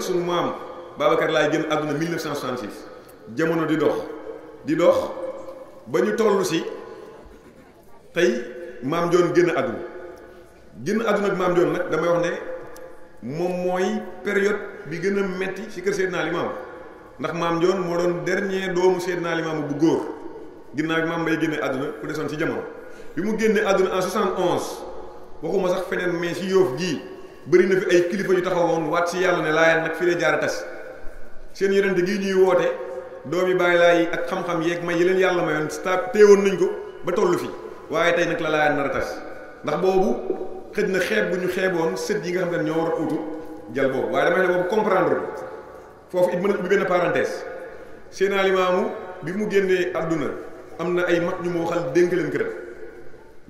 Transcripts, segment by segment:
ak maam Babacar laay génn àdduna 1966 jamono di dox di dox ba ñu toll si tey maam Joon génn àdduna génn àdduna ak maam Joon nag damay wax ne moom mooy période bi gën a metti ci kër Seydina Limaamu ndax maam Joon moo doon dernier doomu Seydina Limaamu bu góor ginnaaw bi maam Mbay génne àdduna ku desoon ci jamono bi mu génne àdduna en 71 waxuma sax feneen mais ci Yoof gii. bëri na fi ay kilifa yu taxawoon waat ci yàlla ne laayal nag fi lay jaare tas seen yonente gi ñuy woote doomi bàyyi laay ak xam-xam yeeg may yi leen yàlla mayoon sta téewoon nañ ko ba toll fi waaye tey nag la laayal nar a tas ndax boobu xëj na xeeb bu ñu xeeboon sët yi nga xam ne ñoo war a utu jal boobu waaye damay ne boobu comprendre foofu it mën a ubbi benn parenthèse seen alimaamu bi mu génnee àdduna am na ay mag ñu ma waxal dénk leen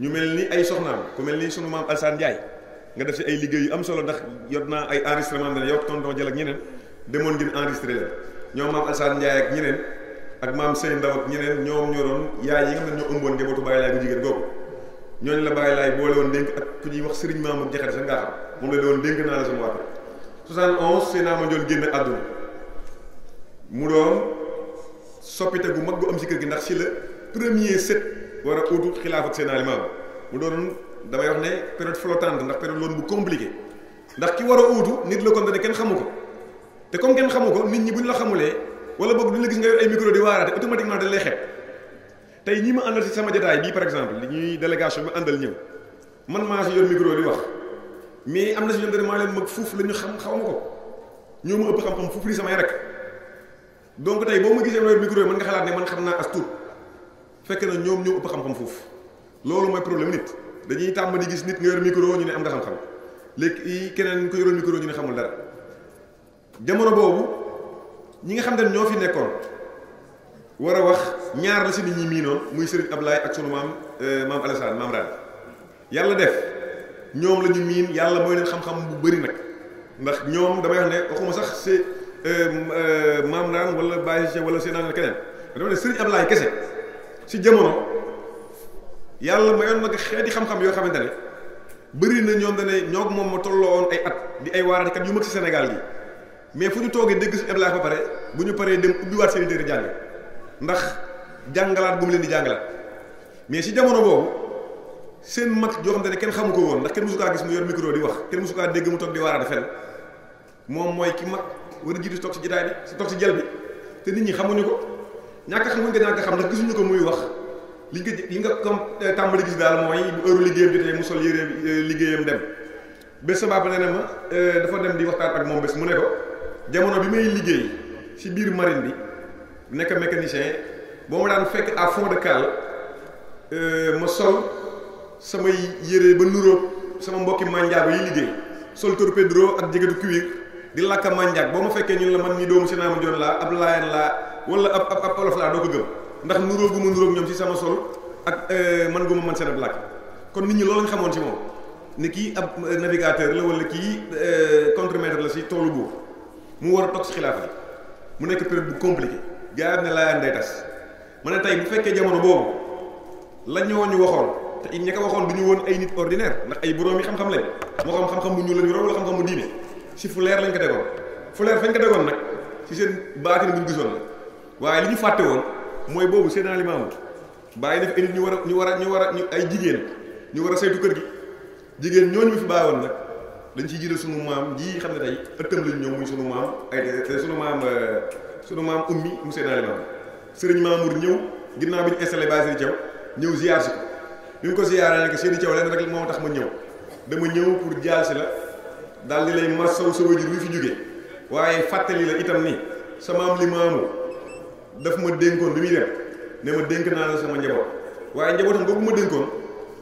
ñu mel ni ay soxnaam ku mel ni sunu maam Alsaan Njaay nga def si ay liggéey yu am solo ndax yot naa ay enregistrement ne yow tonton Jël ak ñeneen demoon ngeen enregistré leen ñoom maam Alsaan Ndiaye ak ñeneen ak maam Sey Ndaw ak ñeneen ñoom ñoo doon yaay yi nga xam ne ñoo ëmboon njabootu Baye Laay bu jigéen googu ñooñu Laay boole woon dénk ak ku ñuy wax Serigne Maam ak Jaxate sa ngaa xam moom la doon dénk seen naa ma génn àdduna mu doon soppite gu mag gu am si kër gi ndax si la premier set war a utu xilaaf ak seen alimaam mu doon damay wax ne période flottante ndax période loolu mu compliqué ndax ki war a uutu nit la comme ne kenn xamu ko te comme kenn xamu ko nit ñi bu ñu la xamulee wala boog duñ la gis nga yor ay micro di waaraate automatiquement dañ lay xeeb tey ñi ma àndal ci sama jotaay bii par exemple li ñuy délégation bi àndal ñëw man maa si yor micro di wax mais am na si ñoom dañu maa leen mag la ñu xam xaw ma ko ñoo ma ëpp xam-xam fuuf lii rek donc tey boo ma gisee yor micro yi mën nga xalaat ne man xam naa as tuut fekk na ñoom ñoo ëpp xam-xam fuuf loolu mooy dañuy tàmm di gis nit nga yor micro ñu ne am nga xam-xam léegi keneen ko yoroon micro ñu ne xamul dara jamono boobu ñi nga xam ne ñoo fi nekkoon war a wax ñaar la si nit ñi miinoon muy Serigne Ablaye ak sunu maam euh, maam Alassane maam Rane yàlla def ñoom la ñu miin yàlla mooy leen xam-xam bu bëri nag ndax ñoom damay wax ne waxuma sax si euh, euh, maam Rane wala Baye wala seen naan keneen dama ne Serigne Ablaye kese si jamono. yàlla mayoon ma xeeti xam-xam yoo xamante ne bëri na ñoom ne ñoo moom ma tolloon ay at di ay waaraatekat yu mag ci Sénégal gi mais fu ñu toogee dégg suñu Ibrahima ba pare bu ñu paree dem ubbiwaat seen téere jàng ndax jàngalaat bu mu leen di jàngalaat mais ci jamono boobu seen mag yoo xamante ne kenn xamu ko woon ndax kenn musu kaa gis mu yor micro di wax kenn musu kaa dégg mu toog di waaraate fen moom mooy ki mag war a jiitu toog ci jitaay bi toog ci jël bi te nit ñi xamuñu ko ñàkk xamuñ ko ñàkk xam ndax gisuñu ko muy wax li nga li nga comme euh, tàmbali gis daal mooy bu heure liggéeyam jotee mu sol yére euh, liggéeyam dem bés sa baaba nee ma euh, dafa dem di waxtaan ak moom bés mu ne ko jamono bi may liggéey si biir marine bi nekk mécanicien boo ma daan fekk à fond de cale ma sol samay yére ba nuróog sama mbokki manjaago yi liggéey sol torpédro ak jegetu cuir di làkk manjaag boo ma fekkee ñun la man ñi doomu si naa ma joon laa ab laayan laa wala ab ab olof laa doo ko gëm ndax nuróo gu ma ñoom ci sama sol ak euh, man gu ma man seen ab kon nit ñi loolu lañ xamoon ci moom ne kii ab euh, navigateur la wala kii euh, contremaître la si toolu buur mu war a toog mu nekk période bu compliqué gaa yi ne laayaan day tas ma ne tey bu fekkee jamono boobu la ñu waxoon te it ña ko waxoon du ñu woon ay nit ordinaire ndax ay borom yi xam-xam lañ moo xam xam-xam bu ñuul la ñu wala xam-xam bu diine si fu leer lañ ko tegoon fu leer fañ ko tegoon nag si seen baatin bu ñu gisoon la waaye li ñu fàtte woon mooy boobu Seydina Limaamu bàyyi na fi nit ñu war ñu war ñu war a ñu ay jigéen ñu war a saytu kër gi jigéen ñooñu mu fi bàyyi woon nag dañ ciy jëlee sunu maam ji xam ne tey ëttam lañ ñoom muy sunu maam ay te sunu maam euh, sunu maam ummi mu Seydina Limaamu sëriñ Mamour ñëw ginnaaw bi ñu installé Baye Seydi Thiaw ñëw ziar si ko bi mu ko ziaree nag Seydi Thiaw lenn rek moo tax ma ñëw dama ñëw pour jaar si la daal di lay masaw sa wajur wi fi jógee waaye fàttali la itam ni sa maam daf ma dénkoon bi muy dem ne ma dénk naa la sama njaboot waaye njabootam boobu ma dénkoon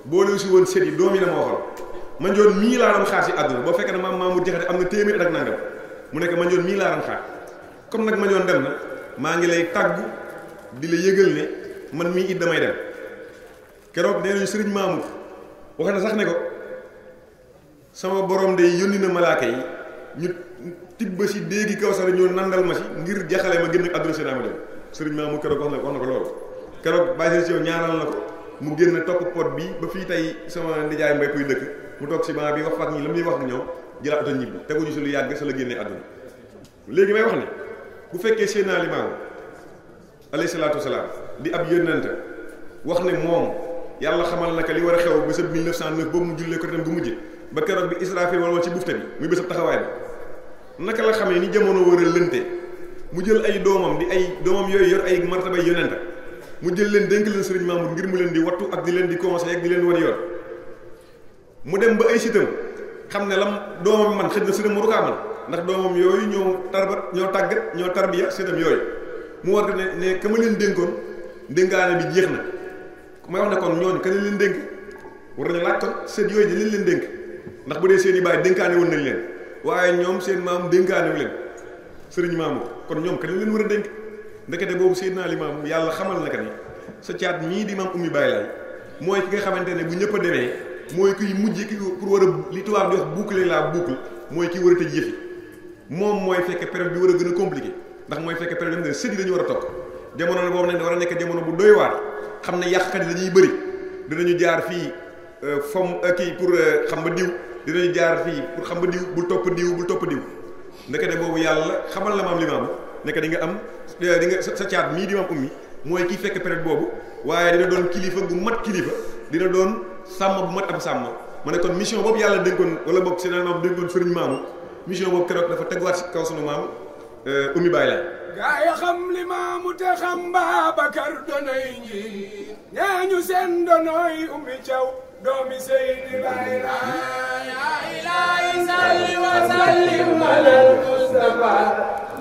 boole si woon set yi doom yi la ma waxal man joon mii laa doon xaar si àdduna ba fekk na maam maamu jeexate am na téeméer ak nangam mu nekk man joon mii laa doon xaar comme nag man joon dem na maa ngi lay tàggu di la yëgal ne man mii it damay dem keroog nee nañu sëriñ na sax ne ko sama borom day yónni na malaaka yi ñu tibba si déegi kaw sa ñoo nandal ma si ngir jaxale ma gën ak àdduna si daa ma dem sëriñ Mamour keroog wax na wax na ko loolu keroog bàyyi si yow ñaanal na ko mu génn topp pot bi ba fii tey sama nijaay mbay kuy dëkk mu toog si banc bi wax fak ñi la muy wax ñoom jëlaat oto ñibbi teguñu si lu yàgg sa la génnee àdduna léegi may wax ne bu fekkee Seydina Limaamu alayhi salaatu wasalaam di ab yónnante wax ne moom yàlla xamal naka li war a xew bésab 1909 boobu mu jullee ko tam bu mujj ba keroog bi Israfil wala ci bufta bi muy naka la xamee ni jamono war a lënte mu jël ay doomam di ay doomam yooyu yor ay martabay yonent mu jël leen dénk leen sëriñ Mamour ngir mu leen di wattu ak di leen di conseillé ak di leen wan yoon mu dem ba ay sitam xam ne la doomam man xëj na sëriñ mu rukaa man ndax doomam yooyu ñoo tarba ñoo tàggat ñoo tarbiya sitam yooyu mu war ne ne ka ma leen dénkoon bi jeex na may wax ne kon ñooñu ka leen dénk war nañu laaj kon seet leen dénk ndax bu dee seen i baay dénkaane woon nañ leen waaye ñoom seen maam dénkaane wu leen sëriñ Mamour kon ñoom kat leen war a dénk ndekete boobu Seydina Limaamu yàlla xamal na ka sa caat mii di maam ummi bàyyi laay mooy ki nga xamante ne bu ñëpp demee mooy kii mujj ki pour war a li tubaab di wax boucler la boucle mooy ki war a tëj yëf moom mooy fekk période bi war a gën a compliqué ndax mooy fekk période bi nga xam ne sëñ dañu war a topp jamono la boobu nag war a nekk jamono bu doy waa xam ne yàqkat yi dañuy bëri dinañu jaar fii euh, fom euh, kii pour euh, xam ba diw dinañu jaar fii pour xam ba diw bul topp diw bul topp diw ndekete boobu yàlla xamal la maam limaamu nekk di am di nga sa caat mii di maam ummi mooy ki fekk période boobu waaye dina doon kilifa gu mat kilifa dina doon sàmm bu mat ab sàmm ma ne kon mission boobu yàlla dénkoon wala boog seen maam dénkoon sëriñ maamu mission boobu keroog dafa teguwaat si kaw sunu maam euh, ummi bàyyi la gaa ya xam limaamu te xam Baabakar donoy njiit ñeeñu seen donoy ummi caw doomi Seydina Ilaahi salli wa sallim alal Mustafa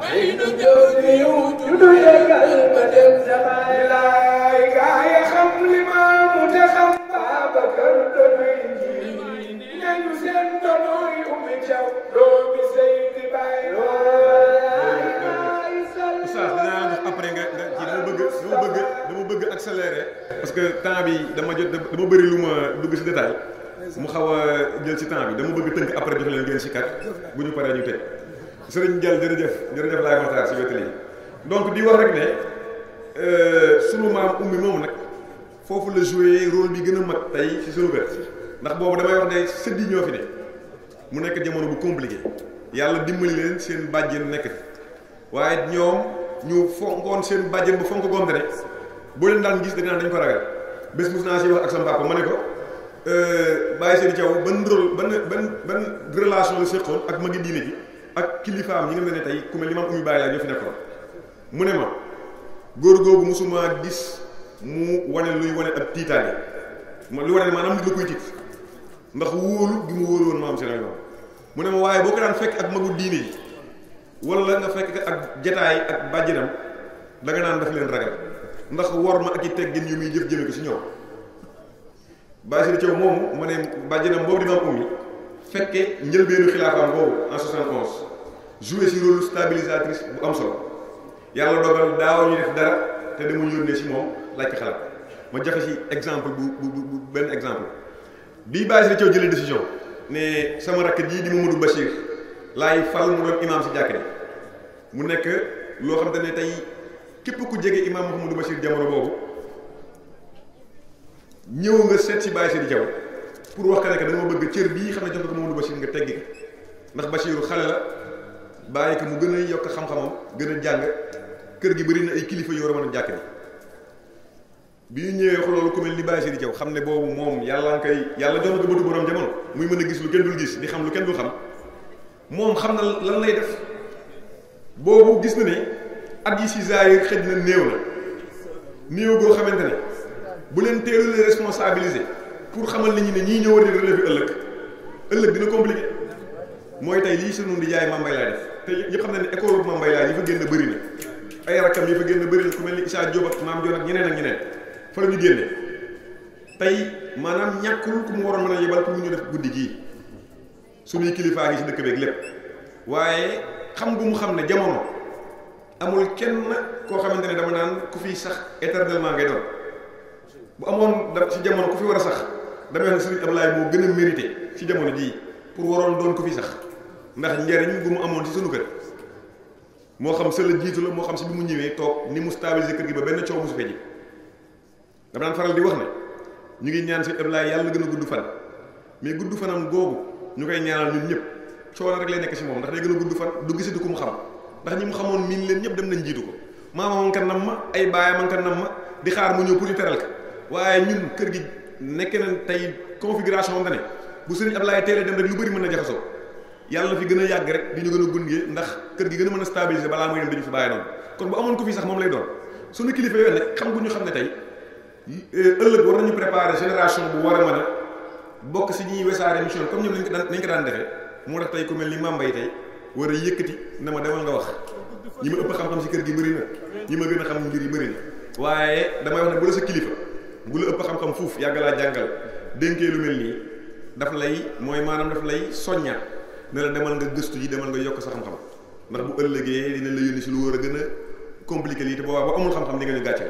may nu jëw di yuutu yegal ba dem sama Ilaahi gaa yi xam li ma mu te xam Baabakar donuy ji ñañu seen donuy Umi Jaw doomi Seydina Ilaahi dama bëgg dama bëgg accélérer. parce que temps bi dama jot dama bëri lu ma dugg si détail mu xaw a jël ci temps bi dama bëgg tënk après jox leen ngeen si kat bu ñu paree ñu teg sëriñ Diall jërëjëf jërëjëf laay waxtaan si wetu yi donc di wax rek ne euh, sunu maam ummi moom nag foofu la joué rôle bi gën a mag tey si sunu bët ndax boobu damay wax ne sëddi ñoo fi ne mu nekk jamono bu compliqué yàlla dimbali leen seen bàjjen nekk waaye ñoom. ñu fonkoon seen bàjjen bu fonk gomte ne boo leen daan gis dañ naan dañ ko ragal bés mos naa si wax ak sama papa ma ne ko euh, bàyyi seen caw ba rôle ban ban ban relation la ak magi diine ji ak kilifaam yi nga mel ne tey ku mel li maam Oumy Baye laa ñoo fi nekkoon mu ne ma góor googu musuma gis mu wane luy wane ak tiitaange ma lu wane ne maanaam nit la koy tiit ndax mu wóolu woon mu ne ma waaye boo ko daan fekk ak magu diine ji wala nga fekk ak jataay ak bàjjinam da naan daf leen ragal ndax wor ma ak i teggin yi muy jëf jëme ko si ñëw Bassirou Thiaw moomu ma ne bàjjinam boobu di maam ummi fekke njëlbeenu xilaafaam boobu en 71 joué si bu am solo yàlla dogal daaw ñu def dara te dama yónnee si moom laaj ci xalaat ma joxe si exemple bu bu bu benn exemple bi Bassirou Thiaw jëlee décision ne sama rakk jii di Mamadou Bachir. laay fal mu doon imaam si jàkk ji mu nekk loo xam te ne tey képp ku jege imaam Mouhamadou Bachir jamono boobu ñëw nga seet si Baye Seydi Diaw pour wax ka ne dama bëgg cër bii xam ne jox na ko Mouhamadou Bachir nga teggi ko ndax Bachiru xale la bàyyi mu gën a yokk xam gën a jàng kër gi bëri ay kilifa yoo war a mën a jàkk ji bi ñu ñëwee wax loolu ku mel ni Baye Seydi xam ne boobu moom yàlla nga koy yàlla jox na ko bëtu borom jamono muy mën a gis lu kenn dul gis di xam lu kenn dul xam. moom xam na lan lay def boobu gis na ne at yi si zaahir xëj na néew na néew goo xamante ne bu leen teelu la responsabiliser pour xamal nit ñi ne ñii ñoo war di relever ëllëg ëllëg dina compliqué mooy tey lii sunu di jaay Mambay laay def te ñëpp xam na ne école bu Mambay laay yi fa génn bëri na ay rakkam yi fa génn bëri na ku mel ni Issa Diop ak maam jot ak ñeneen ak ñeneen fa la ñu génne tey maanaam ñàkkul ku mu waroon mën a yebal pour mu ñu def guddi gii. suñuy kilifaa ngi si dëkk beeg lépp waaye xam gu mu xam ne jamono amul kenn koo xamante ne dama naan ku fi sax éternellement ngay doon bu amoon da ci jamono ku fi war a sax damay ne Serigne Abdoulaye moo gën a mérité si jamono jii pour waroon doon fi sax ndax njariñ gu amoon si kër moo xam sa jiitu la moo xam si bi mu ñëwee toog ni mu stabiliser kër gi ba benn coow mosu fee ji dama naan faral di wax ne ñu ngi ñaan Serigne Abdoulaye yàlla gën a gudd fan mais gudd fanam googu. ñu koy ñaanal ñun ñëpp coono rek lay nekk ci moom ndax day gën a gudd fan du gisati ku mu xam ndax ñi mu xamoon miin leen ñëpp dem nañ jiitu ko maama man ka nam ma ma di xaar mu ñëw pour ñu ko waaye ñun kër gi nekk na tey configuration nga ne bu sëriñ Ablaye teelee dem rek lu bëri mën na jaxasoo yàlla fi gën yàgg rek di ñu gën a gunge ndax kër gi gën a mën a stabiliser balaa muy dem dañu fi bàyyi noonu kon bu amoon ko fii sax moom lay doon suñu kilifa yooyu nag xam gu ñu xam ne tey ëllëg war nañu préparer génération bu war a mën bokk si ñuy wesaare émission comme ñoom lañ nañ ko daan defee moo tax tey ku mel ni mambay tey war a yëkkati na ma demal nga wax ñi ma ëpp xam-xam si kër gi bëri na ñi ma gën a xam mbir yi bëri na waaye damay wax ne bu la sa kilifa bu la ëpp xam-xam fuuf yàgg laa jàngal dénkee lu mel nii daf lay mooy maanaam daf lay soññaat ne la demal nga gëstu ji demal nga yokk sa xam-xam ndax bu ëllëgee dina la yónni si lu war a gën a compliqué lii te boobaa ba amul xam-xam di nga ñu gàcce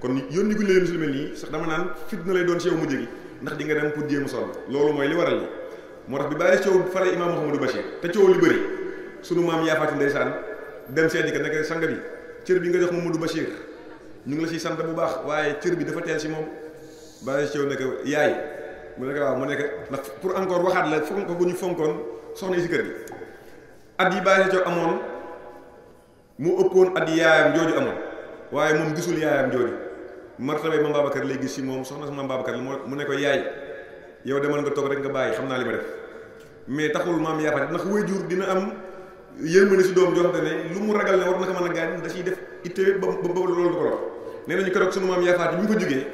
kon yónni guñ la sax dama naan fit doon si yow mujj gi ndax di nga dem pour jéem sol loolu mooy li waral li moo tax bi bàyyi coow fale imaam Mouhamadou Bachir te coow li bëri sunu maam yaafaati ndeysaan dem seeti ko nekk sang bi cër bi nga jox Mouhamadou Bachir ñu ngi la ciy sant bu baax waaye cër bi dafa teel si moom bàyyi coow nekk yaay mu nekk waaw mu nekk ndax pour encore waxaat la fonk bu ñu fonkoon soxna yi si kër gi at yi bàyyi coow amoon mu ëppoon at yi yaayam jooju amoon waaye moom gisul yaayam jooju martabay Mame Babacar lay gis moom soxna si Mame Babacar mu ne ko yaay yow demal nga toog rek nga bàyyi xam naa li ma def mais taxul maam yaafate ndax waajur dina am yërmande si doom joo xam lu mu ragal ne war na ko mën a gaañ da ciy def itte ba ba loolu du ko lor ko jógee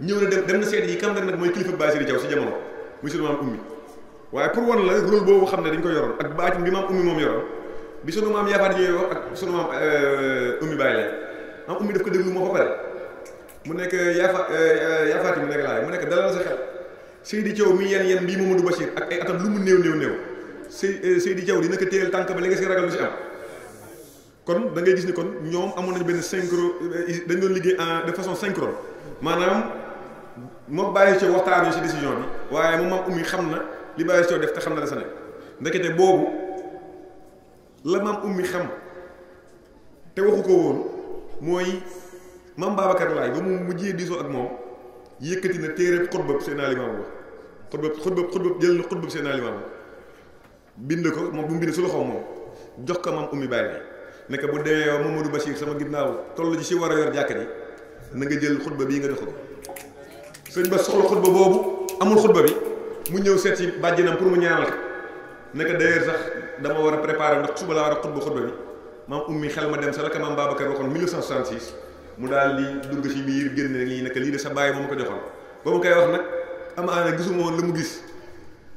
ñëw na dem dem na seet yi kam ne nag mooy kilifa Bassirou Diaw si jamono muy sunu maam ummi waaye pour wan la rôle boobu xam ne dañ ko yoroon ak baatin bi maam ummi moom yoroon bi sunu maam yaafaate ñooy wax ak sunu maam euh, ummi bàyyi la am ummi daf ko déglu moo fa pare mu nekk Yafa euh, Yafaati mu nekk laay mu nekk dalal sa xel di Thiaw mi yenn yenn bii Mamadou Bachir ak ay atam lu mu néew néew néew Sey euh, Seydi Thiaw dina ko téyel tànk ba li nga si ragal kon da gis ni kon ñoom amoon nañu benn synchro euh, dañ doon liggéey en de façon maanaam moom bàyyi ci waxtaanu si décision bi waaye moom maam ummi xam na li bàyyi ci def te xam na la sa nekk ndekete boobu la maam ummi xam te waxu ko woon mooy. maam Babacar Laay ba mu mujjee diisoo ak moom yëkkati na téere xutbab seen alimaam ba xutbab xutbab xutbab jël na xutbab seen alimaam ba bind ko moom bu mu bind su loxoom jox ko maam ummi bàyyi ne ko bu demee yow Mamadou Bachir sama ginnaaw toll ji si war a yor jàkka na nga jël xutba bii nga jox ko sëñ ba soxla xutba boobu amul xutba bi mu ñëw seet si bàjjinam pour mu ñaanal ko ne ko d'ailleurs sax dama war a préparer ndax suba laa war a xutba xutba bi maam ummi xel ma dem sa la ko maam waxoon mu daal di dugg ci biir génn lii nag lii de sa bàyyi ba mu ko joxoon ba mu koy wax nag amaana gisuma woon la mu gis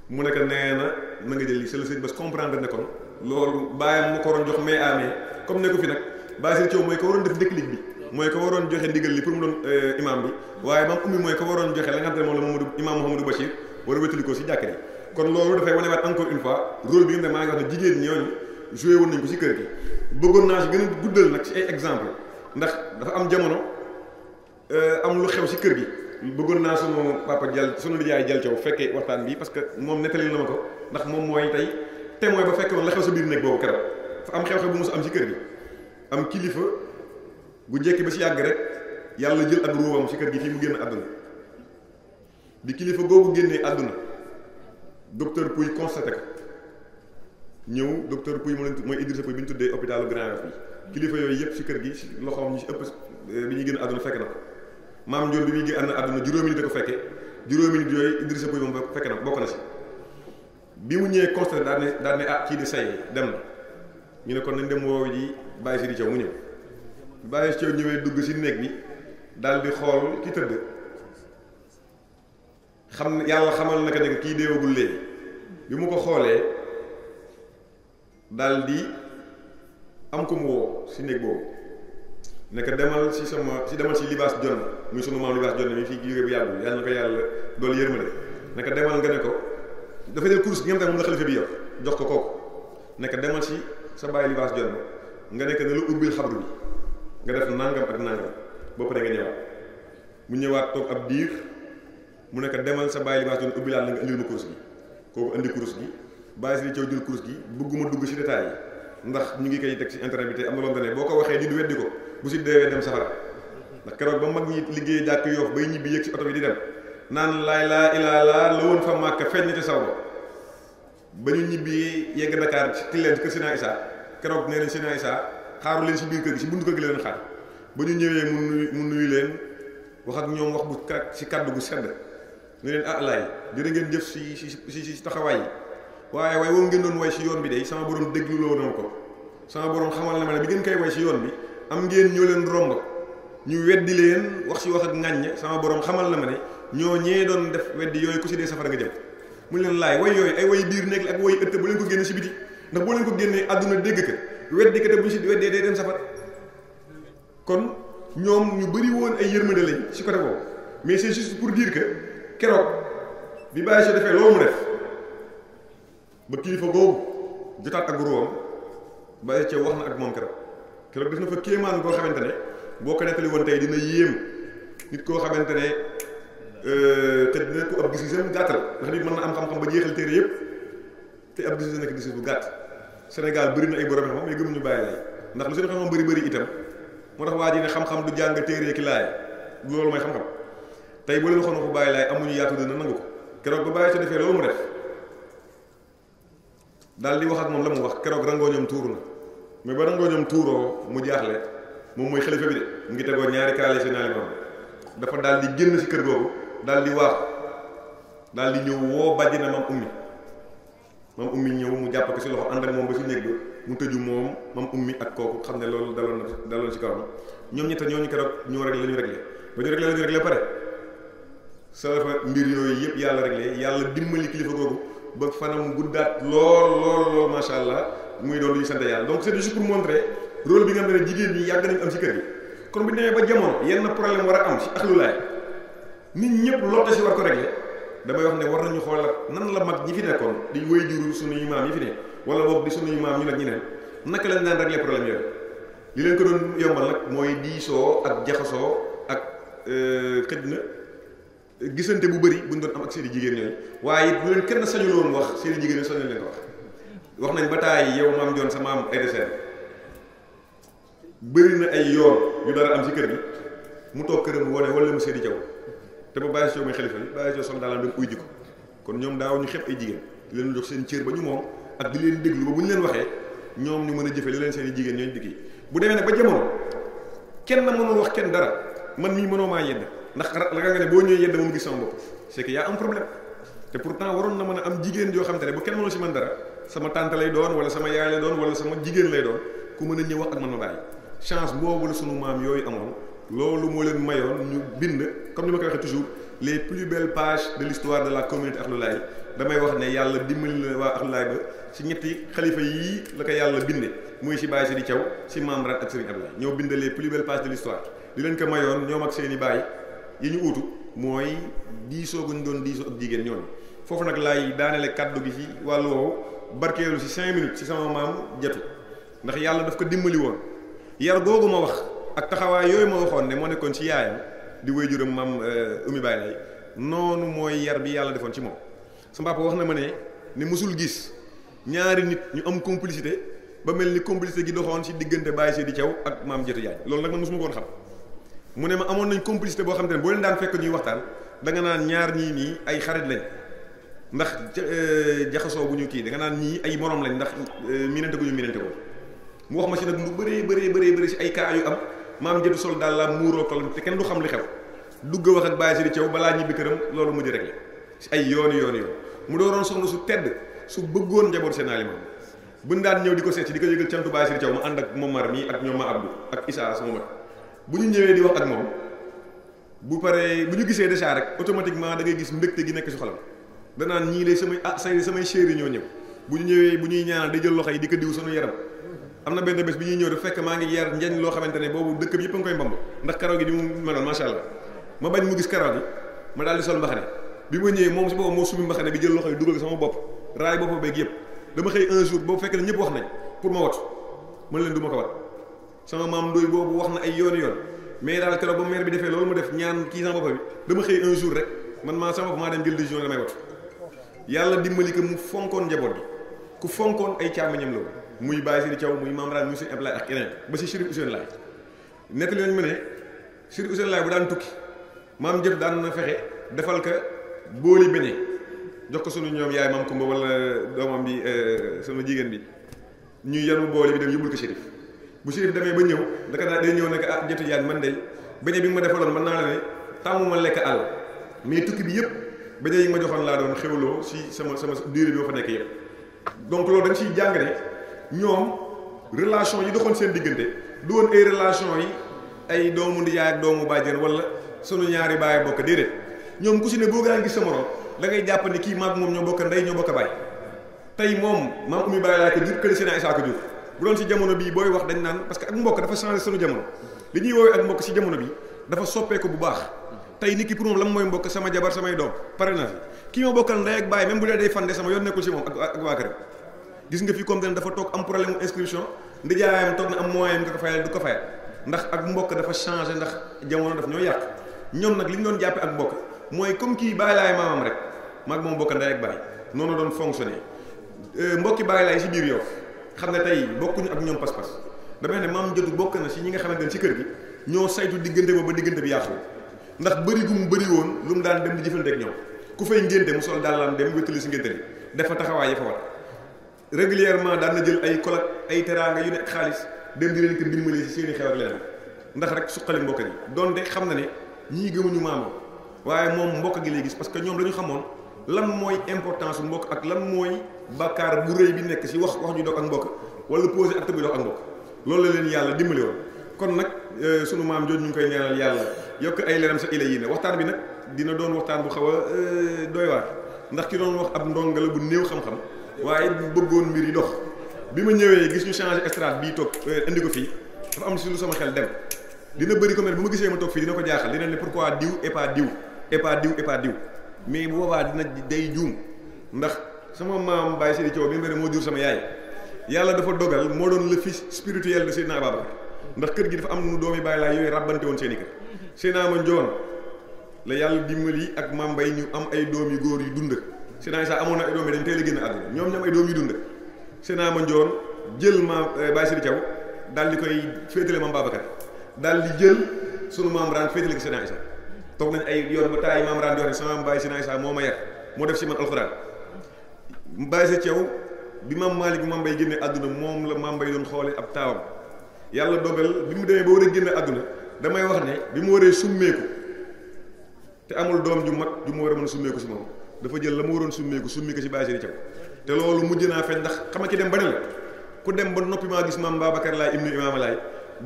mu nekk nee na ma nga jël lii c'est le sëñ bas comprendre ne kon loolu bàyyam mu ko waroon jox mais amee comme ne ko fi nag bàyyi seen coow moo ko waroon def déclic bi mooy pour mu doon euh, imam bi waaye mooy ko waroon joxe la nga Bachir war a ko si jàkka ji kon loolu dafay wanewaat encore une fois rôle bi nga xam ne maa ngi wax ne jigéen ñi ñooñu joué woon nañ ko si kër gi bëggoon naa si gën nag si exemple ndax dafa am jamono euh, am lu xew si kër gi bëggoon naa sunu papa jal sunu nijaay jal caw fekkee waxtaan bi parce que moom nettali na ma ko ndax moom mooy tey témoin ba fekkoon la xew sa biir néeg boobu keroog dafa am xew-xew bu mos am si kër gi am kilifa bu njëkk ba si yàgg rek yàlla jël ak ruubam si kër gi fii mu génn àdduna bi kilifa googu génnee àdduna docteur Pouy constaté ko ñëw docteur Pouy moo leen mooy Idrissa bi ñu tuddee hôpitalu Grand Yoff bi kilifa yooyu yëpp si kër gi si loxoom ñu si ëpp eh, bi ñuy gën àdduna fekk na ko maam Ndiol bi muy génn àdduna juróom nit da ko fekkee juróomi nit yooyu Idrissa Pouy moom fekk na ko bokk na si bi mu ñëwee constaté daan ne daan ne ah kii di say dem na ñu ne kon nañ dem woowu ji bàyyi si di caw mu ñëw bàyyi si caw ñëwee dugg si néeg bi daal di xool ki tëdd xam yàlla xamal na ko ne kii deewagul bi mu ko xoolee. daal di am ko mu woo si néeg boobu nekk demal si sama si demal si libaas jonn muy sunu maam libaas jonn mi fii jóge bu yàggul yàlla na ko yàlla doolu yërmande nekk demal nga ne ko dafa jël course gi nga xam ne moom xalifa bi yor jox ko kooku nekk demal si sa bàyyi libaas jonn nga nekk ne la ubbil xabru bi nga def nangam ak nangam ba dee nga ñëwaat mu ñëwaat toog ab diir mu nekk demal sa bàyyi libaas jonn ubbilaat la nga indil ma course gi kooku indi course gi bàyyi ciow li coow jël course gi bëgguma dugg ci détail ndax ñu ngi kay tek ci internet bi té am na loon dane boo ko waxee nit weddi ko bu ci déwé dem safara ndax kérok ba mag ñi liggéey jakk yoof bay ñibi yëg ci auto bi di dem nan laay laa ilaa laa la woon fa màkk fegn ci saw ba ñu ñibi yegg Dakar ci tilleen ci Sina isa kérok nee nañ Sina isa xaru leen ci biir kër gi ci buntu kër gi leen xaar ba ñu ñëwé mu nuyu mu nuyu leen wax ak ñom wax bu ka si kàddu gu sedd ñu leen ah laay jërë ngeen jëf ci ci si si waaye waaye woo ngeen doon way si yoon bi day sama borom dégluloo na ko sama borom xamal na ma ne bi ngeen koy way si yoon bi am ngeen ñoo leen romb ñu weddi leen wax si wax ak ŋàññ sama borom xamal na ma ne ñoo ñee doon def weddi yooyu ku si dee safara nga jëm mu leen laay way yooyu ay way biir nekk la ak way ëtt bu leen ko génne si biti ndax boo leen ko génnee àdduna dégg ka weddi ka te bu ñu si weddee day dem safara kon ñoom ñu bëri woon ay yërmande lañ si côté boobu mais c'est pour dire que keroog bi bàyyi si defee loolu mu ba kilifa boobu jotaat ak ruwaam ba ay wax na ak moom keroog keroog def na fa kéemaan boo xamante ne boo ko nettali woon tey dina yéem nit koo xamante ne euh, te dina ko ab gis-gisam am xam-xam ba jeexal téere yëpp te ab gis-gis bu gàtt Sénégal bëri na ay borom xam-xam mais gëmuñu bàyyi lay ndax lu seen xam-xam itam moo tax waa ji ne xam-xam du jàng téere ki laay loolu mooy xam-xam tey boo leen waxoon ko bàyyi laay amuñu yaatu dina nangu ko keroog ba bàyyi sa defee loolu mu def daal di wax ak moom la mu wax keroog rangooñam tuuru na mais ba rangooñam tuuroo mu jaaxle moom mooy xalifa bi de mu ngi tegoo ñaari kalaale si naali moom dafa daal di génn si kër googu daal di waax daal ñëw woo bàjjina mam ummi mam ummi ñëw mu jàpp ko si loxo ànd moom ba si néeg ba mu tëju moom mam ummi ak kooku xam ne loolu daloon na daloon si kawam ñoom ñett ñooñu keroog ñoo réglé la ñu réglé ba ñu réglé la ñu réglé pare sa dafa mbir yooyu yëpp yàlla réglé yàlla dimbali kilifa googu ba fanam guddat lool lool lool macha allah muy doon luy sante yalla donc c'est juste pour montrer rôle bi nga xam ne ni yag nañ am ci kër yi kon bu demee ba jëmon yenn problème wara am ci akhlu lay nit ñëpp loote ci war ko régler damay wax né war nañu xoolal nan la mag ñi fi nekkoon di wéy juru suñuy maam yi fi ne wala bok di suñu imam ñu nak ñi ne nak lañ daan régler problème yoy li leen ko doon yombal nag mooy diisoo ak jaxaso ak euh xedna gisante bu bari buñ doon am ak seen i jigéen ñooñu waaye bu leen kenn sañu woon wax seen i jigéen ñi sañul leen wax wax nañ ba tay yow maam joon sa maam ay na ay yoon yu dara am ci kër bi mu toog këram woné wala mu seedi jaw té ba bàyyi soo xalifa bi bàyyi soo sol dem uy ji kon ñom daaw ñu xeeb ay jigéen di leen jox seen ciir ba ñu mom ak di leen déglu lu buñ leen waxee ñu mëna jëfé li leen seen jigéen bu démé nak ba kenn mënul wax kenn dara man mënoma yedd ndax la nga ne boo ñëwee yedd moom gis sama bopp c'est que y a problème te pourtant waroon na mën a am jigéen joo xam te ne bu kenn mënul si man dara sama tante lay doon wala sama yaay lay doon wala sama jigéen lay doon ku mën a ñëw wax ak man ma bàyyi chance boobu la sunu maam yooyu amoon loolu moo leen mayoon ñu bind comme ni ma koy waxee toujours les plus belles pages de l'histoire de la communauté Ahlou Laye damay wax ne yàlla dimbali na waa Ahlou Laye ba ci ñetti xalifa yii la si Baye Sidi Thiaw si Mame Rane ak Serigne Abdoulaye ñoo bind les plus belles pages de l'histoire li baay yi ñu uutu mooy diisoo gu ñu doon diisoo ak jigéen ñooñu foofu nag laay daanele kàddu gi ci wàllu woowu barkeelu ci cinq minutes ci sama maam jatu ndax yàlla daf ko dimbali woon yar googu ma wax ak taxawaay yooyu ma waxoon ne moo nekkoon ci yaayam di wéy juróom maam euh, Oumy Baye lay noonu mooy yar bi yàlla defoon ci moom sama papa wax na ma ne ne mosul gis ñaari nit ñu am complicité ba mel ni complicité gi doxoon ci diggante Baye Seydi Thiaw ak maam Jatu Jaañ loolu nag man mosuma ko woon xam mu ne ma amoon nañ complicité boo xam ne boo leen daan fekk ñuy waxtaan da nga naan ñaar ñii nii ay xarit lañ ndax euh, jaxasoo bu ñu kii da nga naan ñii ay morom lañ ndax euh, minante gu ñu minante ko mu wax ma ci nag lu bëree bëree bëree bëri ci ay cas yu am maam jëdu sol daal la muuroo tolam te kenn du xam li xew dugg wax ak bàyyi si di caw balaa ñibbi këram loolu di rek la ay yoon yoon yoon mu dooroon soxna su tedd su bëggoon njaboot seen alimam bu daan ñëw di ko seet di ko yëgal cantu bàyyi si di ma ànd ak momar mii ak ñoom ma abdu ak isaa sama mag bu ñu ñëwee di wax ak moom bu paree bu ñu gisee déjà rek automatiquement da ngay gis mbégte gi nekk ci xolam da naan ñii lay samay ah say samay chéri ñoo ñëw bu ñu ñëwee bu ñuy ñaanal day jël loxo yi di ko diw sunu yaram am na benn bés bi ñuy ñëw rek fekk maa ngi yar njañ loo xamante ne boobu dëkk bi yëpp a ngi koy mbamb ndax karaw gi di mu meloon macha allah ma bañ mu gis karaw gi ma daal di sol mbaxane bi ma ñëwee moom si boppam moo sumi mbaxane bi jël loxo yi dugal sama bopp raay boppam beeg yëpp dama xëy un jour boobu fekk ne ñëpp wax nañ pour ma wat man leen duma ko wat sama maam ndoy boobu wax na ay yoon yoon mais daal keroog ba maire bi defee loolu ma def ñaan kii sama bopp bi dama xëy un jour rek man maa sama bopp maa dem jël décision yàlla dimbali que mu fonkoon njaboot ku fonkoon ay càmmiñam loolu muy Baye Sidi Thiaw muy membre mu si impla ak keneen ba si Chérif Ousseynou Laye nettali nañ ma ne Chérif Ousseynou Laye bu daan tukki maam jëf daan na fexe defal ka booli beñe jox ko sunu ñoom yaay maam Kumba wala doomam bi euh, sama jigéen bi ñu yanu booli bi dem yóbbul ko Chérif bu Chérif demee ba ñëw daka daal day ñëw nekk ah jëtu jaan man day beñe bi ma defaloon mën naa la ne tàmm ma lekk àll mais tukki bi yëpp beñe yi ma joxoon laa doon xewloo si sama sama durée bi ma fa nekk yëpp. donc loolu dañ ciy jàng ne relation yi doxoon seen diggante du woon ay yi ay doomu ndiyaay ak doomu bàjjen wala sunu ñaari baay bokk déedéet ñoom ku si ne boo gën gis sa morom da ngay jàpp ne kii maag moom ñoo bokk ndey ñoo bokk baay tey moom ma Oumy Baye laa ko jur kër Sénégal Issa ko jur bu doon si jamono bii booy wax dañ naan parce que ak mbokk dafa changé sunu jamono li ñuy woowee ak mbokk si jamono bi dafa soppeeku bu baax tey nit ki pour moom lan mooy mbokk sama jabar samay doom pare na fi kii ma bokkal ndey ak bàyyi même bu dee day fande sama yoon nekkul si moom ak ak waa këram gis nga fi comme dañ dafa toog am problème inscription ndijaayam toog na am moyen nga ko fayal du ko fayal ndax ak mbokk dafa changé ndax jamono daf ñoo yàq ñoom nag li ñu doon jàppe ak mbokk mooy comme kii bàyyi laay maamam rek maag moom bokkal ndey ak bàyyi noonu doon fonctionné euh, mbokki bàyyi laay si biir yow xam ne tey bokkuñu ak ñoom pas-pas damay ne maam jotu bokk na si ñi nga xamante ne si kër gi ñoo saytu diggante boobu ba diggante bi yàqu ndax bari gu mu bëri woon lu mu daan dem di jëfante ak ñoom ku fay ngénte mu sol dàllam dem wéttali si ngénte li dafa taxawaay ya fa war régulièrement daan na jël ay kolak ay teraanga yu nekk xaalis dem di leen ko dimbali si seen i xew ak leen ndax rek suqali mbokk yi donte xam na ne ñii gëmuñu maamam waaye moom mbokk gi lay parce que ñoom dañu xamoon lan mooy importance mbokk ak lan mooy bàkkaar bu rëy bi nekk si wax wax ju dog ak mbokk wala posé acte bu dog ak mbokk loolu la leen yàlla dimbali woon kon nag euh, sunu maam jooju ñu ngi koy ñaanal yàlla yokk ay leeram sa ila yi ne waxtaan bi nag dina doon waxtaan bu xaw a euh, doy waar ndax ki doon wax ab ndonga la bu néew xam-xam waaye bëggoon mbir yi dox bi ma ñëwee gis ñu changé estrade bii toog euh, indi ko fii dafa am si lu sama xel dem dina bëri comme bu ma gisee ma toog fii dina ko jaaxal dina ne pourquoi diw et pas diw et mais bu boobaa dina day juum ndax sama maam Baye Sidi Thiaw bi nga xam sama yaay yàlla dafa dogal moo doon le fils spirituel de Seydina ndax kër gi dafa am nu doomi Baye laa yooyu ràbbante woon seen i ma njoon la yàlla dimbali ak maam Baye ñu am ay doom yu góor yu dund Seydina amoon na ay doom yi dañ teel a ñoom ñu ay doom yu dund Seydina ma jël maam eh, Baye Sidi Thiaw daal di koy féetale maam Babacar daal di jël sunu maam raan féetale toog nañ ay yoon ba taay maam raan di wax ne sama maam Baye Seydina Issa moo ma yar moo def si man alxuraan mu Baye sa Thiaw bi maam Malick Mambay génne àdduna moom la Mambay doon xoole ab taawam yàlla dogal bi mu demee ba war a génne àdduna damay wax ne bi mu waree summeeku te amul doom ju mag ju mu war a mën a summeeku dafa jël la mu waroon summeeku summi ko si Baye Sëriñ Thiaw te loolu mujj naa feeñ ndax dem ba la ku dem ba noppi maa gis maam Babacar laay ibnu imaama laay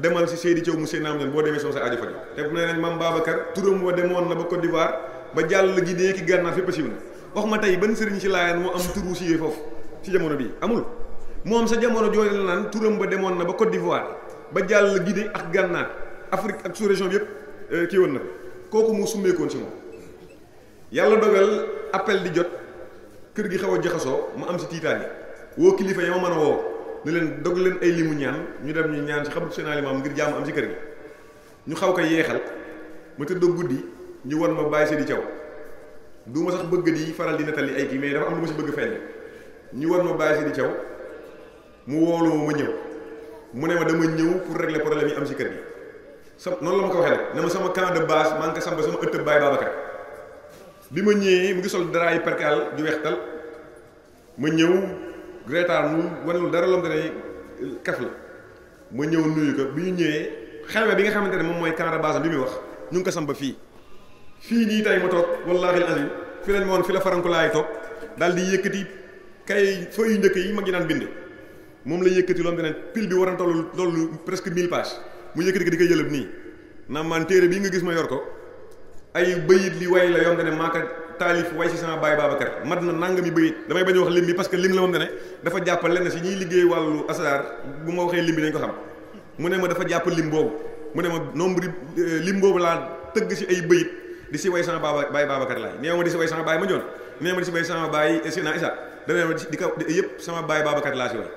demal si Seydi Thiaw mu seen naam leen boo demee soo sa aajo faj te nee nañ maam Babacar turam wa demoon na ba Côte d'Ivoire ba jàll gi dee ki gànnaar fépp siiw na wax ma tey ban sëriñ si laayaan moo am turu si foofu ci jamono bi amul moom sa jamono jooju la naan turam ba demoon na ba Côte d'Ivoire ba jàll Guinée ak Ghana Afrique ak sous-région bi yëpp euh, kii na kooku mu summeekoon si moom yàlla dogal appel di jot kër gi xaw a jaxasoo ma am si tiitaani woo kilifa ya ma mën a woo ne leen dog leen ay limu ñaan ñu dem ñu ñaan si xamul seen alimaam ngir jaamu am si kër gi ñu xaw ko yeexal ma tëdd guddi ñu won ma di caw du ma sax bëgg di faral di nettali ay kii mais dafa am lu si bëgg fenn ñu war ma bàyyi si di caw mu woolu ma ñëw mu ne ma dama ñëw pour régler problème yi am si kër gi sa noonu la ma ko waxee nag ne ma sama camp de man maa ngi ko samp sama ëtt baay Babacar bi ma ñëwee mu ngi sol dara yi perkaal ju weextal ma ñëw reetaan mu wanul dara lom te ne kaf la ma ñëw nuyu ko bi ñu ñëwee xelme bi nga xamante ne moom mooy camp baas base bi muy wax ñu ngi ko samp fii fii nii tey ma toog wallahi alazim fi lañ ma woon fi la farankulaay toog daal di yëkkati kay feuille yu njëkk yi mag ñi dana bind moom la yëkkati loolu beneen pile bi war a toll loolu presque mille pages mu yëkkati ko di ko yëlëb nii man téere bi nga gis ma yor ko ay bayit li way la yom ne maaka taalif way si sama baay Babacar mat na nangami bayit damay bañ wax lim bi parce que lim la moom ne dafa jàppal lenn si ñuy liggéey wàllu asar bu ma waxee lim bi dañ ko xam mu ne ma dafa jàpp lim boobu mu ne ma nombre eh, lim boobu laa tëgg si ay bayit di si way sama baaba baay Babacar Laay nee ma di si way sama baay ma joon nee ma di si way sama baay Sina Isa dana ma di ko yëpp sama baay Babacar laa si way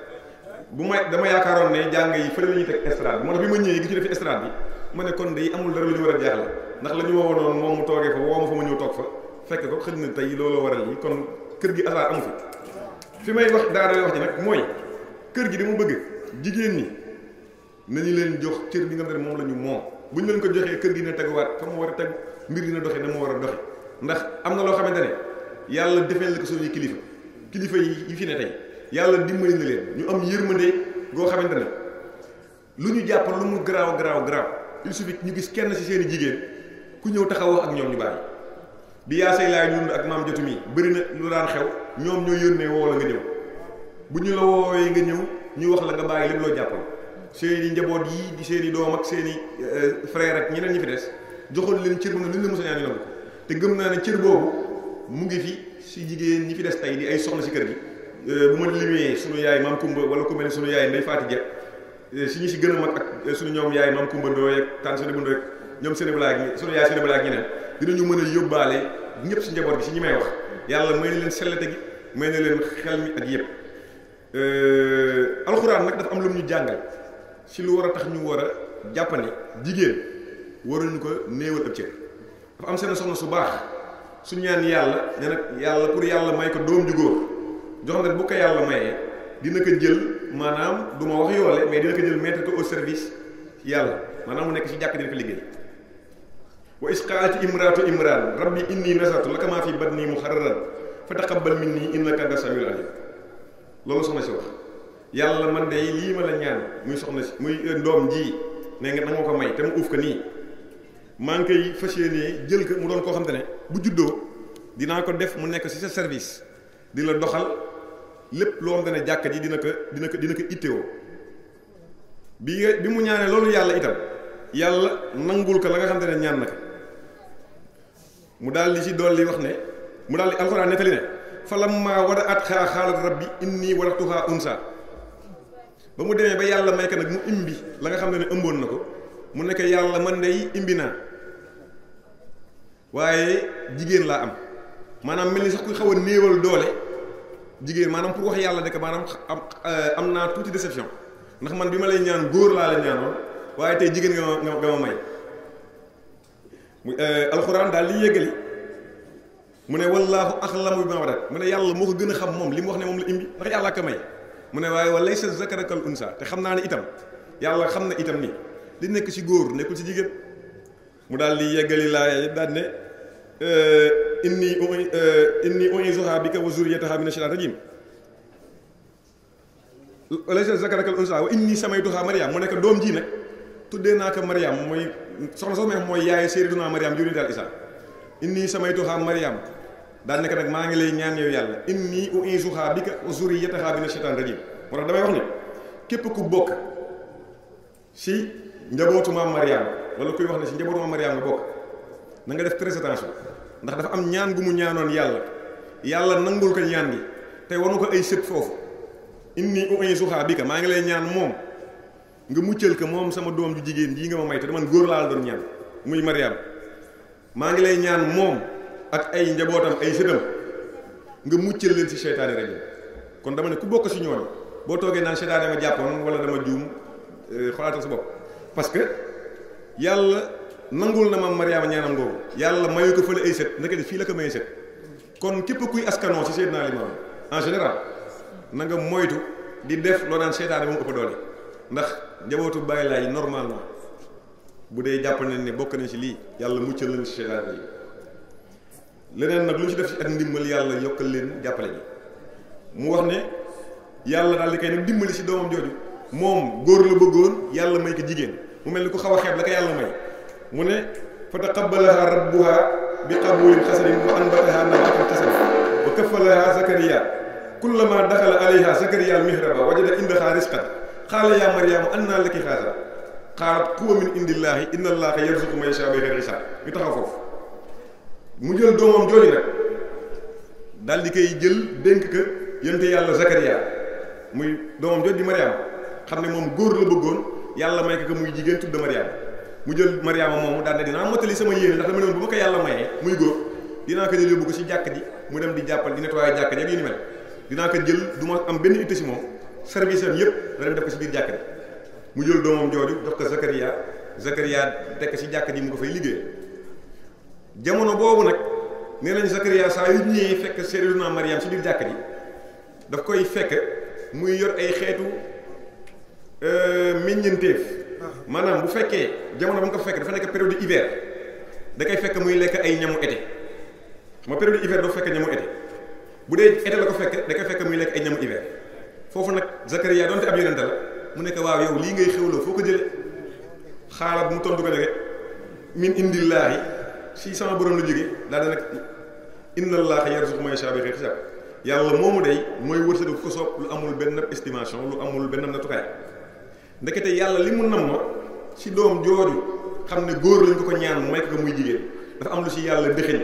bu ma dama yaakaaroon ne jàng yi fële la ñuy teg estrade bi moo tax bi ma ñëwee gi ci def estrade bi ma ne kon day amul dara lu ñu war a jaaxle ndax la ñu woowoon moom mu toogee fa woo ma fa ma ñëw toog fa fekk ko xëj na tey looloo waral yi kon kër gi asaar amu fi fi may wax daara wax ji nag mooy kër gi dama bëgg jigéen ñi nañu leen jox cër bi nga xam moom la ñu moom bu leen ko joxee kër gi ne teguwaat fa mu war a tegu mbir dina doxee dama war a doxe ndax am na loo xamante ne yàlla defeel na ko suñuy kilifa kilifa yi yi fi ne tey yàlla dimbali na leen ñu am yërmande goo xamante ne lu ñu jàpp lu mu garaaw garaaw garaaw il suffit ñu gis kenn ci seen jigéen ku ñëw taxawoo ak ñoom ñu bàyyi bi yaasay laay ñun ak maam jotu mii bëri na lu daan xew ñoom ñoo yónnee woo la nga ñëw bu ñu la woowee nga ñëw ñu wax la nga bàyyi lépp loo jàppal seen i njaboot yi di seen i doom euh, ñeneen ñi fi des joxoon leen cër bu ne lu ñu la mos te gëm naa ne cër boobu mu ngi fi si jigéen ñi fi des tey di ay soxna si kër gi euh, bu ma limee suñu yaay maam Kumba wala ku mel ne yaay Ndey Faati Jeet euh, si ñu si gën a mag ak euh, suñu ñoom yaay maam Kumba Ndooy ak tànn seen bu rek ñoom seen balaa ak suñu yaay seen balaa ak ñeneen ñu mën a yóbbaale ñëpp si njaboot bi si ñi may wax yàlla may na leen sellate gi may na leen xel mi ak yëpp alxuraan nag dafa am lu ñu jàngal si lu war a tax ñu war a jàppane jigéen waruñ ko neewal ak ci dafa am seen soxna su baax su ñaan yàlla ne nag yàlla pour yàlla may ko doom ju góor jox xam bu ko yàlla mayee dina ko jël maanaam du ma wax yoole mais dina ko jël mettre ko au service yàlla maanaam mu nekk ci jàkk dina ko liggéey wa isqaati imraatu imran rabbi inni nasartu laka ma fi badni muharraran fataqabbal minni innaka anta samiul alim loolu soxna si wax yàlla man day lii ma la ñaan muy soxna si muy ndoom eh, ji ne nga nga ko may te mu uuf ko nii maa ngi koy jël ko mu doon ko xamantene bu juddo dina ko def mu nek ci sa service di la doxal lepp lo xamantene te ji dina ko dina ko dina ko itéwo bi bi mu ñaané loolu yalla itam yalla nangul ko la nga xamantene ñaan naka mu dal di ci doli wax ne mu dal alquran ne tali ne wada at kha khalat rabbi inni waratuha unsa ba mu demee ba yalla may ka nak mu imbi la nga xamantene ëmbon nako na mu nekk yalla man day imbi waaye jigéen laa am maanaam mel ni sax kuy xaw néewal doole jigéen maanaam pour wax yàlla de maanaam am euh, am naa tuuti déception ndax man bi ma lay ñaan góor laa la ñaanoon waaye tey jigéen nga ma nga ma may mu euh, alxuraan daal li yëgali mu ne wallaahu axlamu bi ma wadat mu ne yàlla moo ko gën a xam moom li mu wax ne moom la imbi ndax yàlla ka may mu ne waaye wa laysa zakarakal unsa te xam naa ne itam yàlla xam na itam ni li nekk ci góor nekkul ci jigéen. mu daal di yeggali laaya yi daal ne euh, inni euh, inni u'iizuhaa bika wa zurriyyatahaa mina shaytaani rajiim laysa zakaruka kal-unsaa wa inni samaytuhaa Maryam mu nag tuddee naa ko Maryam mooy soxna mooy yaay Seydinaa Maryam jur indi Isaa inni samaytuhaa Maryam daal nekk nag maa ngi lay ñaan yow yàlla inni u'iizuhaa bika wa zurriyyatahaa mina shaytaani rajiim moo damay wax ne képp ku bokk si njabootu maam wala kuy wax ne si njabootuma Mariam nga bokk na nga def très attention ndax dafa am ñaan gu mu ñaanoon yàlla yàlla nangul ko ñaan gi te wanu ko ay sët foofu inni u'iizuhaa bika maa ngi lay ñaan moom nga muccal ko moom sama doom ju jigéen jii nga ma may te man góor laa doon ñaan muy Mariam maa ngi lay ñaan moom ak ay njabootam ay sëtam nga muccal leen si seytaane rajiim kon dama ne ku bokk si ñooñu boo toogee naan seytaane dama jàppoon wala dama juum euh, bopp yàlla nangul na ma Mariama ñaanam googu yàlla mayu ko fële ay set ndekete fii la ko may set kon képp kuy askanoo ci Seydina Limaamu en général na moytu di def loo naan seetaan moom ëpp doole ndax njabootu bàyyi laay normalement bu dee jàpp nañ ne bokk ci lii yàlla muccal nañ ci leneen nag lu ñu ci def ci ak ndimbal yàlla yokkal leen jàppale ji mu wax ne yàlla daal di koy nag dimbali ci doomam jooju moom góor la bëggoon yàlla may jigéen. mu mel ni ku xaw a xeeb la ko yàlla may mu ne fa taqabbalaha rabbuha bi qabulin xasanin wa anbataha nabatan xasan wa kaffalaha zakariya kullama daxala alayha zakariya almihraba wajada indaha risqan qaala ya maryamu anna laki haza min indillahi inna allaha yarzuqu man yashaa bi xayri hisaab ñu taxaw foofu mu jël doomam jooju nag daal di koy jël dénk ka yonte yàlla zakariya muy doomam jooju di mariama xam ne moom góor la bëggoon yàlla may ko muy jigéen tudd Mariama mu jël Mariama moomu daan ne dinaa mottali sama yéene ndax dama ne woon bu ma ko yàlla mayee muy góor dinaa ko jël yóbbu ko ci jàkk di mu dem di jàppal di nettoyer jàkk ji ak yu ni mel dinaa ko jël du ma am benn itte si moom service am yëpp da dem def ko ci biir jàkk ji mu jël doomam jooju jox ko Zakaria Zakaria tekk ci jàkk ji mu ko fay liggéey jamono boobu nag nee nañ Zakaria saa yu ñëwee fekk Seydina Mariama ci biir jàkk ji daf koy fekk yor ay xeetu Euh, meññanteef ah. maanaam bu fekkee jamono ba mu ko fekk dafa nekk période hiver da koy fekk muy lekk ay ñamu été ma période hiver doo fekk ñamu été bu dee été la ko fekk da kay fekk muy lekk ay ñamu hiver foofu nag Zakaria donte ab yonente la mu nekk waaw yow lii ngay xewloo foo ko jële xaaral bu mu tontu ko rek min indillaahi si sama borom la jóge daal da nag inna allaaha yarzuqu man yashaa bi xayri hisaab yàlla moomu day mooy wërsëg ko soob lu amul benn estimation lu amul benn natukaay ndekete yàlla li mu nam ma ci doom jooju xam ne góor lañ ko ko ñaan may ko muy jigéen dafa am lu ci yàlla dëxëñ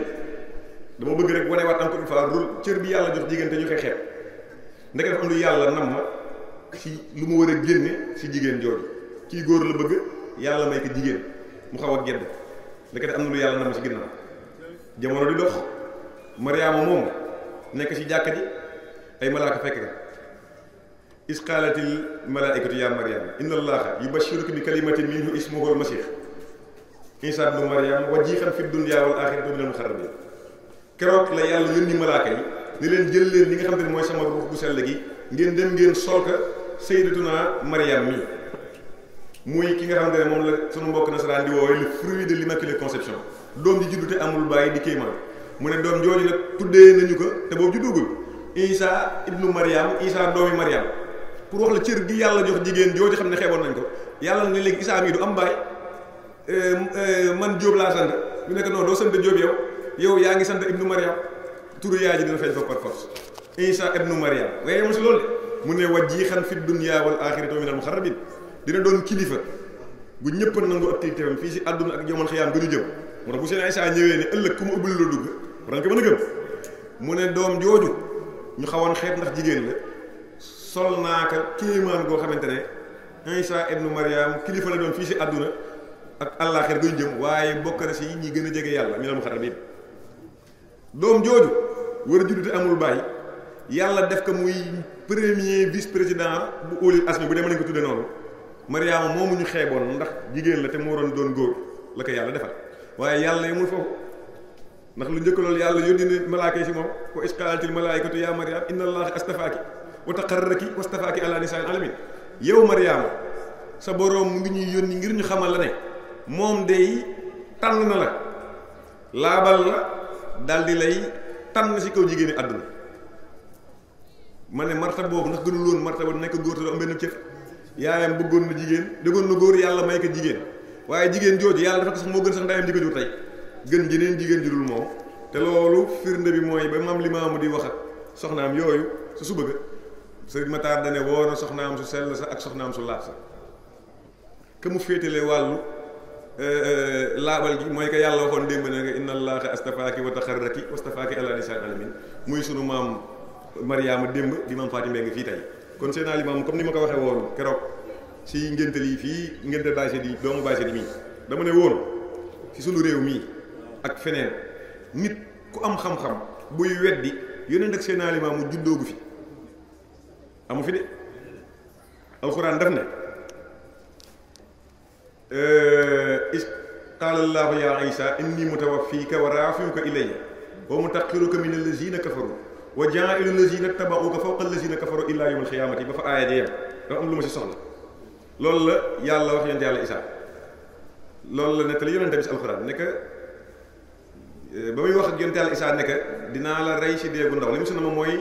dama bëgg rek wane waat encore une fois cër bi yàlla jox jigéen te ñu koy xeet am lu yàlla nam ma ci lu mu war a génne jigéen jooju kii góor la bëgg yàlla may ko jigéen mu xaw a gedd ndekete am lu ci ginnaaw jamono di dox Mariama moom nekk ci jàkka ji ay malaaka fekk ka isqaalatil malaikatu ya mariam inna allaha yubashiruka bi kalimatin minhu ismuhu almasih isa bnu mariam la yàlla yónni malaaka yi ni leen jël leen li nga xam ne mooy sama ruux bu sell gi ngeen dem ngeen solka sayyidatuna mariam mi muy ki nga xam ne moom la sunu mbokk nasaraan di woowee le fruit de l'immaculée conception doom ji juddu mu ne doom jooju nag tuddee nañu ko te boobu juddugul isa ibnu mariam isa doomi mariam pour wax la cër gi yàlla jox jigéen jooju xam ne xeeboon nañ ko yàlla ne léegi isaa mii du am baay man Diop laa sant ñu nekk non doo sant Diop yow yow yaa ngi sant ibnu Mariam turu yaay ji dina feeñ fa par force isa ibnu Mariam waaye mu si loolu mu ne wajiixan fi dunya wal min al muxarrabin dina doon kilifa bu ñëpp nangu ak téytéfam fii si àdduna ak yomal xiyaam gënu jëm moo tax bu seen isa ñëwee ne ëllëg ku mu ubbil la dugg war nga ko mën a gëm mu ne doom jooju ñu xawoon xeet ndax jigéen la sol naa ka kéemaan goo xamante ne Isa ibnu Maryam kilifa la doon fii si àdduna ak àllaaxir guy jëm waaye bokk na si ñi gën a jege yàlla mi la mu xaram yi doom jooju war a juddu te amul bàyyi yàlla def ko muy premier vice président bu ulil asmi bu dee mën nañ ko tudde noonu Mariama moomu ñu xeeboon ndax jigéen la te moo waroon doon góor la ko yàlla defal waaye yàlla yemul foofu ndax lu njëkk loolu yàlla yónni ne malaaka yi si moom ko isqalatil malaayikatu yaa Mariam wa taqarraki wastafaaki ala lisan alamin yow maryama sa borom mu ngi ñuy yónni ngir ñu xamal la ne moom day tànn na la laabal la dal di lay tànn si kaw jigéeni àdduna ma ne marta boobu ndax gënul woon marta ba nekk góor te am benn cër yaayam bëggoon na jigéen dëggoon na góor yàlla may ko jigéen waaye jigéen jooju yàlla dafa ko sax gën sax ndayam di jur tey gën jeneen jigéen jurul moom te loolu firnde bi ba mam limaamu di wax ak soxnaam yooyu su su bëgg sëriñ Matar dane woo na soxnaam su sell sa ak soxnaam su laab sa ke mu féetale wàllu euh, laabal gi mooy que yàlla waxoon démb ne nga inna allaha astafaaki wa taxarraki wastafaaki ala nisaan alamin muy sunu maam mariama démb di maam Fatima ngi fii tey kon seen alimaam comme ni ma ko waxee woon keroog si ngénte lii fii ngénte bâché di doomu bâché di mii dama ne woon si sunu réew mii ak feneen nit ku am xam-xam buy weddi yeneen ak seen alimaam mu juddoogu fi amu fi de alquran daf ne is qala allahu ya isa inni mutawaffika wa rafiuka ilayya wa mutaqiruka min allazina kafaru wa jaailu allazina tabauka fawqa allazina kafaru illa yawm alqiyamati ba fa aaya jeem dafa am lu ma si soxla loolu la yàlla wax yonte yàlla isa loolu la nettali yonente bi si alquran ne ba muy wax ak yonte yàlla isa ne dinaa la rey si deegu ndaw li mu si na ma mooy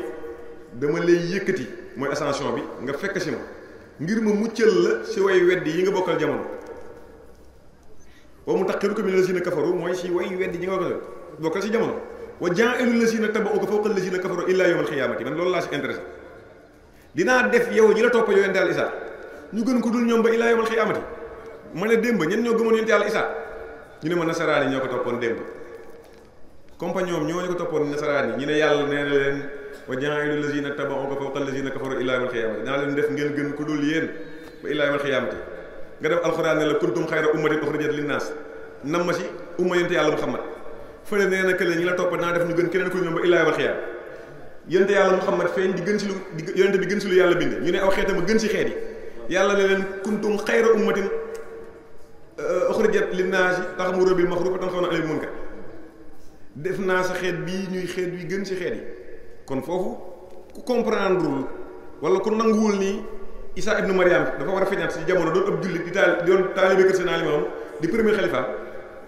dama lay yëkkati mooy ascension bi nga fekk si ma ngir ma muccal la si way weddi yi nga bokkal jamono wa mu taqiru ko min lazina kafaru moy si way weddi yi nga bokkal si jamono wa ja'ilu lazina ka fawqa lazina kafaru illa yawm al-qiyamati man loolu la si intéressé dina def yow ñi la top yow ndal isa ñu gën ko dul ñom ba illa yawm al-qiyamati ma ñen ñoo gëmon yent yalla isa ñu ne ma nasaraani ñoko topon ko compagnon ñoo ñu ko toppoon ne yalla neena وجعل الذين تبعوا فوق الذين كفروا الى يوم القيامه دا لن ديف نين گن كودول يين با الى يوم القيامه غا ديف القران لا كنتم خير امه اخرجت للناس نمشي امه ينت يالله محمد فلا نينا كلا نيلا توپ نا ديف نين گن كنين كو نيوم با الى يوم القيامه ينت يالله محمد فين دي گن سلو ينت بي گن سلو يالله بين ني او خيتما گن سي خيدي يالله لا لن كنتم خير امه اخرجت للناس تخمر بالمخروق تنخون على المنكر defna sa xet bi ñuy xet wi gën ci xet yi kon foofu ku comprendrewul wala ku nanguwul nii Isa ibnu Maryam dafa war a feñaat ci jamono doon ab jullit di taal di doon taalibe kër Seydina Limaamu di premier xalifa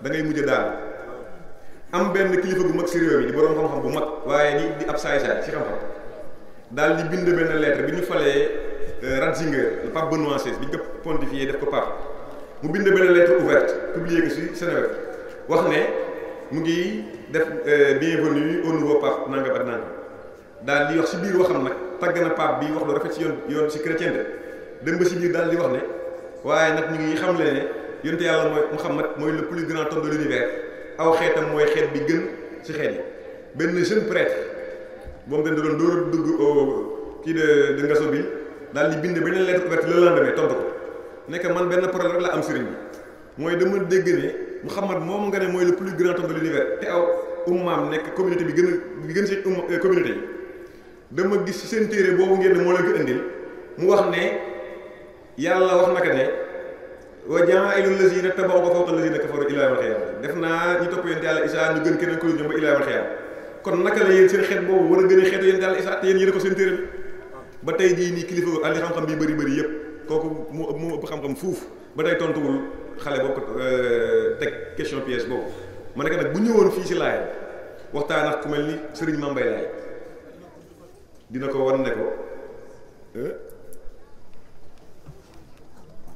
da ngay mujj daal am benn kilifa bu mag ci réew mi di boroom xam-xam bu mag waaye di di ab saay-saay ci xam-xam daal di bind benn lettre bi ñu falee euh, Ratzinger le pape Benoît bi ñu ko pontifié def ko pape mu bind benn lettre ouverte publiée ko ci Seneweb wax ne mu ngi def euh, bienvenue au nouveau pape dal di wax ci biir waxam nak tagana na bi wax lu rafet ci yoon yoon ci chrétien de dem ba ci biir dal di wax ne waye nak ñu ngi xam le ne yonte yalla moy muhammad moy le plus grand homme de l'univers aw xeetam moy xeet bi gën ci xeet yi benn jeune prêtre moom dañ doon door dug dugg oh, de de ngasso bi dal di bind benen lettre ouverte le lendemain tontu ko nek man benn problème rek la am serigne bi mooy dama dégg ne muhammad mom nga ne moy le plus grand homme de l'univers te aw ummam nek communauté bi gën bi gën ci euh, communauté dama gis seen téere boobu ngeen moo leen ko indil mu wax ne yàlla wax naka ne wa jaa'ilul lazina tabaqo fawqa lazina kafaru ila yawmil qiyaama def naa ñu topp yonent yàlla Isaa ñu gën keneen ko ñoom ba ila yawmil qiyaama kon naka la yéen seen xeet boobu war a gën a xeetu yonent yàlla Isaa te yéen yéen ko seen téere bi ba tey jii nii kilifa ali xam-xam bi bëri bëri yëpp kooku mu mu ëpp xam-xam fuuf ba tey tontuwul xale boo ko euh, teg question pièce boobu ma ne ko nag bu ñëwoon fii si laay waxtaan ak ku mel ni Serigne Mambay Laay dina ko wan ne ko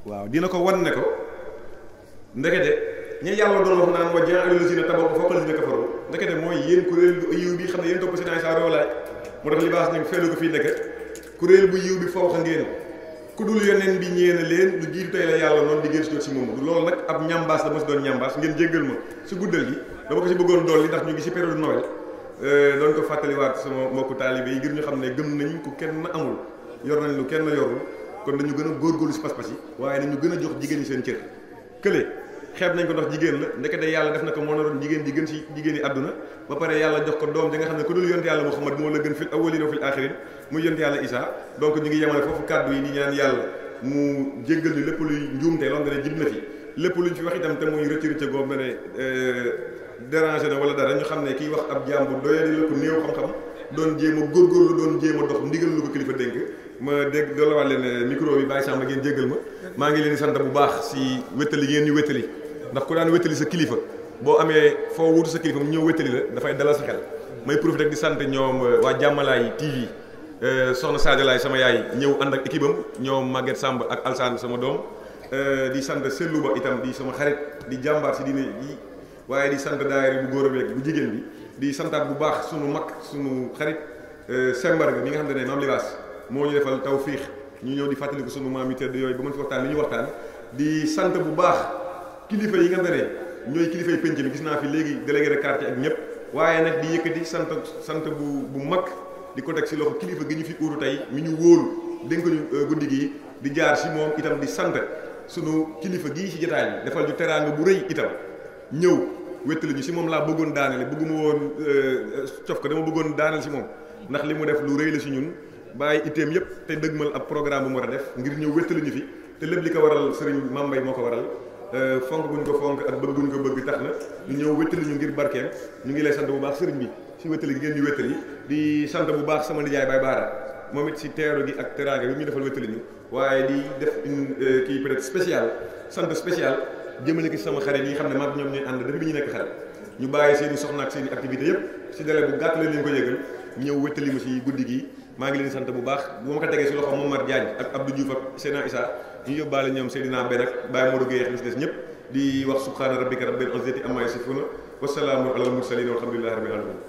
waaw dina ko wan ne ko ndekete ña yàlla doon wax naan wa jaa alul lazina tabaqu fawqa lazina kafaru ndekete mooy yéen kuréel bu yiw bi xam ne yéen topp si naay saa roolaay moo tax libaas nag feelu ko fii nekk kuréel bu yiw bi fawqa ngeen ku dul yeneen bi ñeena leen lu jiitu tey la yàlla noonu di ngeen si jot si moom loolu nag ab ñambaas la si doon ñambaas ngeen jéggal ma si guddal gi dama ko si bëggoon dool ndax ñu ngi si période Noël Euh, doon ko fàttaliwaat sama mbokku taalibe yi ngir ñu xam ne gëm nañ ko kenn amul yor nañ lu kenn yorul kon dañu gën a góorgóorlu si pas-pas yi waaye nañu gën a jox jigéen ñi seen cër kële xeeb nañ ko ndax jigéen la ndekete yàlla def na ko moo naroon jigéen ji gën si jigéen yi àdduna ba pare yàlla jox ko doom di xam ne ku dul yonte yàlla Muhammad moo la gën fil awwalin wa fil axirin muy yonte yàlla Isa donc ñu ngi yemale foofu kàddu yi di ñaan yàlla lépp luy njuumte loolu nga ne jib lépp luñ fi wax itam te muy rëcc rëcc goo dérangé na wala dara ñu xam ne kiy wax ab jàmbur doyadi la ko néew xam-xam doon jéem a góorgóorlu doon kilifa dénk ma dégg dolawaat leen eh, micro bi bàyyi sàmm ngeen jéggal ma maa ngi leen di sant bu baax si wétali ngeen ñu wétali ndax ku daan wétali sa kilifa boo amee foo wutu sa ñëw wétali la dafay dalal sa xel may profité rek di sant ñoom eh, waa Jàmmalaay TV eh, soxna Sadio sama yaay ñëw ànd ak équipe am ñoom Maguette ak Alsane sama doom di sant Selouba itam di sama xarit di jàmbaar si diine waaye di sant daayira bu góor ak bu jigéen bi di santaat bu baax sunu mag sunu xarit euh, sembar bi mi nga xam ne maam libaas moo ñu defal tawfiix ñu ñëw di fàttaliku sunu maam yu tedd yooyu ba mën fi waxtaan li ñu waxtaan di sant bu baax kilifa yi nga xam ne ñooy kilifay penc mi gis naa fi léegi délégué de quartier ak ñëpp waaye nag di yëkkati sant sant bu bu mag di ko teg ci loxo kilifa gi ñu fi uutu tey mi ñu wóolu dénk ñu euh, guddi gi di jaar si moom itam di sant sunu kilifa gii si jotaay bi defal bu rëy itam ñëw wétal ñu ci mom la bëggoon daanale bëgguma woon euh, ciof ko dama bëggoon daanal ci mom ndax li mu def lu reey la ci ñun bàyyi iteem yëpp te dëgmal ab programme mu war a def ngir ñëw wétal ñu fi te lépp li ko waral sëriñ mambay moo ko waral euh, fonk buñ ko fonk ak bëgg buñ ko bëgg tax na ñu ñëw wétal ñu ngir barkeem ñu ngi lay sant bu baax sëriñ bi si wétal gi ngeen ñu wétal yi di sant bu baax sama nijaay bay baara momit ci téeru gi ak teraanga bi ñu defal wétal ñu waaye di def une euh, kii peut être spécial sant spécial jëmale ki sama xarit yi xam ne maag ñoom ñooy ànd depuis bi ñu nekk xarit ñu bàyyi seen i soxna ak seen i activité yëpp si délai bu leen lañ ko yëgal ñëw wéttali ma guddi gi maa ngi leen sant bu baax bu ma ko tegee si loxo Momar Diagne ak Abdou Diouf ak Seydina Issa ñu yóbbaale ñoom Seydina Ben ak Baye Modou Guèye ak ñi si des ñëpp di wax subhaana rabbika rabbil izzati amma yasifuna wasalaamu alal mursalin walhamdulillahi rabbil alamin